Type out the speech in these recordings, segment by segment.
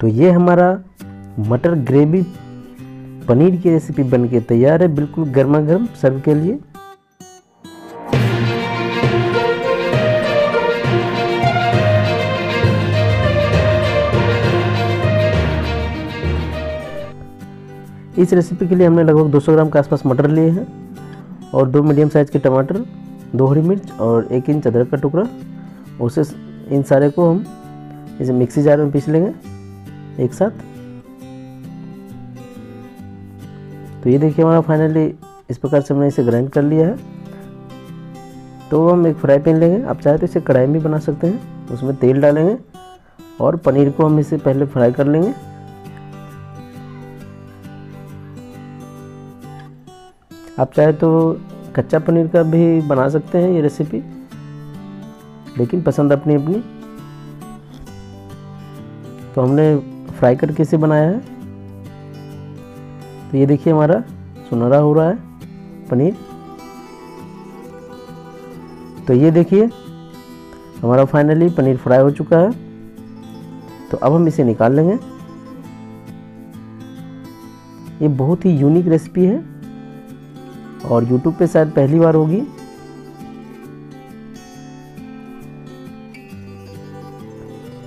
तो ये हमारा मटर ग्रेवी पनीर की रेसिपी बन के तैयार है बिल्कुल गर्मा गर्म सर्व के लिए इस रेसिपी के लिए हमने लगभग 200 ग्राम के आसपास मटर लिए हैं और दो मीडियम साइज़ के टमाटर दो हरी मिर्च और एक इंच अदरक का टुकड़ा उसे इन सारे को हम इसे मिक्सी जार में पीस लेंगे एक साथ तो ये देखिए हमारा फाइनली इस प्रकार से हमने इसे ग्राइंड कर लिया है तो हम एक फ्राई पैन लेंगे आप चाहे तो इसे कढ़ाई भी बना सकते हैं उसमें तेल डालेंगे और पनीर को हम इसे पहले फ्राई कर लेंगे आप चाहे तो कच्चा पनीर का भी बना सकते हैं ये रेसिपी लेकिन पसंद अपनी अपनी तो हमने फ्राई करके इसे बनाया है तो ये देखिए हमारा सुनहरा हो रहा है पनीर तो ये देखिए हमारा फाइनली पनीर फ्राई हो चुका है तो अब हम इसे निकाल लेंगे ये बहुत ही यूनिक रेसिपी है और यूट्यूब पे शायद पहली बार होगी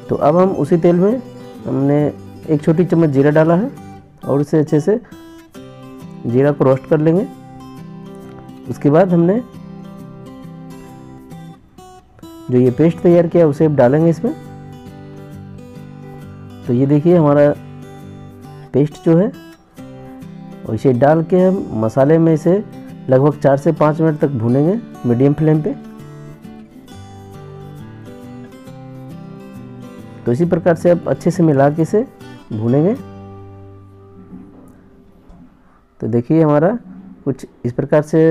तो अब हम उसी तेल में हमने एक छोटी चम्मच जीरा डाला है और इसे अच्छे से जीरा को रोस्ट कर लेंगे उसके बाद हमने जो ये पेस्ट तैयार किया उसे अब डालेंगे इसमें तो ये देखिए हमारा पेस्ट जो है और इसे डाल के हम मसाले में इसे लगभग चार से पाँच मिनट तक भूनेंगे मीडियम फ्लेम पे तो इसी प्रकार से आप अच्छे से मिला के इसे भूनेंगे तो देखिए हमारा कुछ इस प्रकार से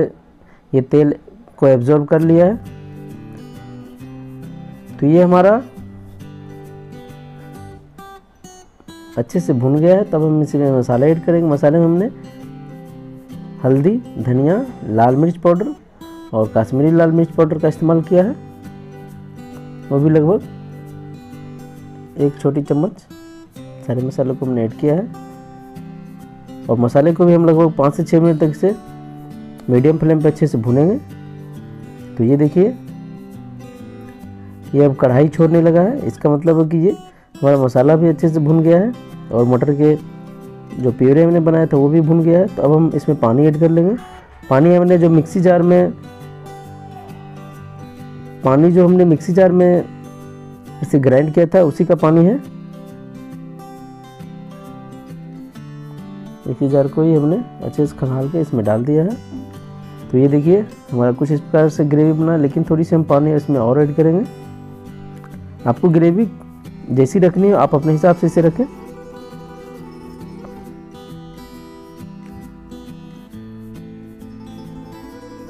ये तेल को एब्जॉर्ब कर लिया है तो ये हमारा अच्छे से भुन गया है तब हम इसमें मसाला ऐड करेंगे मसाले में हमने हल्दी धनिया लाल मिर्च पाउडर और कश्मीरी लाल मिर्च पाउडर का इस्तेमाल किया है वो भी लगभग एक छोटी चम्मच सारे मसालों को हमने ऐड किया है और मसाले को भी हम लगभग पाँच से छः मिनट तक से मीडियम फ्लेम पर अच्छे से भुनेंगे तो ये देखिए ये अब कढ़ाई छोड़ने लगा है इसका मतलब है कि ये हमारा मसाला भी अच्छे से भुन गया है और मटर के जो प्योरे हमने बनाया था वो भी भुन गया है तो अब हम इसमें पानी ऐड कर लेंगे पानी हमने जो मिक्सी जार में पानी जो हमने मिक्सी जार में इसे ग्राइंड किया था उसी का पानी है एक जार को ही हमने अच्छे से खंगाल के इसमें डाल दिया है तो ये देखिए हमारा कुछ इस प्रकार से ग्रेवी बना लेकिन थोड़ी सी हम पानी इसमें और ऐड करेंगे आपको ग्रेवी जैसी रखनी हो आप अपने हिसाब से इसे रखें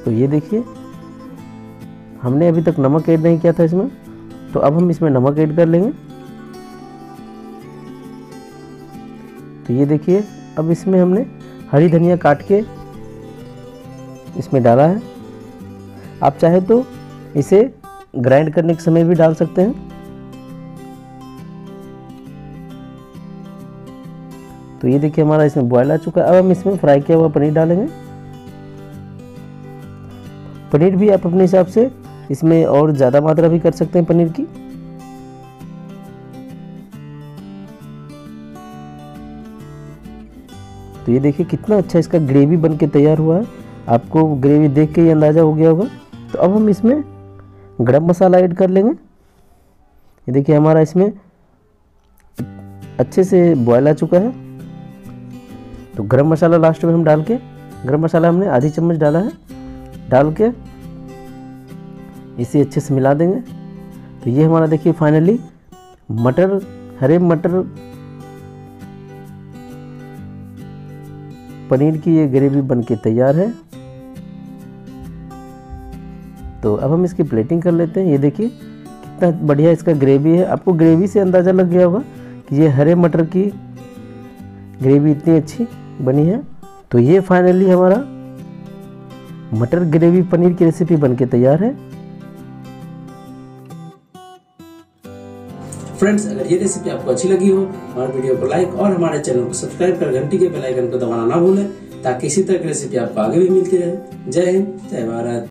तो ये देखिए हमने अभी तक नमक ऐड नहीं किया था इसमें तो अब हम इसमें नमक ऐड कर लेंगे तो ये देखिए अब इसमें हमने हरी धनिया काट के इसमें डाला है आप चाहे तो इसे ग्राइंड करने के समय भी डाल सकते हैं तो ये देखिए हमारा इसमें बॉयल आ चुका है अब हम इसमें फ्राई किया हुआ पनीर डालेंगे पनीर भी आप अपने हिसाब से इसमें और ज़्यादा मात्रा भी कर सकते हैं पनीर की तो ये देखिए कितना अच्छा इसका ग्रेवी बन के तैयार हुआ है आपको ग्रेवी देख के ही अंदाज़ा हो गया होगा तो अब हम इसमें गरम मसाला ऐड कर लेंगे ये देखिए हमारा इसमें अच्छे से बॉयल आ चुका है तो गरम मसाला लास्ट में हम डाल के गरम मसाला हमने आधी चम्मच डाला है डाल के इसे अच्छे से मिला देंगे तो ये हमारा देखिए फाइनली मटर हरे मटर पनीर की ये ग्रेवी बनके तैयार है तो अब हम इसकी प्लेटिंग कर लेते हैं ये देखिए कितना बढ़िया इसका ग्रेवी है आपको ग्रेवी से अंदाज़ा लग गया होगा कि ये हरे मटर की ग्रेवी इतनी अच्छी बनी है तो ये फाइनली हमारा मटर ग्रेवी पनीर की रेसिपी बनके तैयार है फ्रेंड्स अगर ये रेसिपी आपको अच्छी लगी हो हमारे वीडियो को लाइक और हमारे चैनल को सब्सक्राइब कर घंटी के बेलाइकन को दबाना ना भूलें ताकि इसी तरह की रेसिपी आपको आगे भी मिलती रहे जय हिंद जय भारत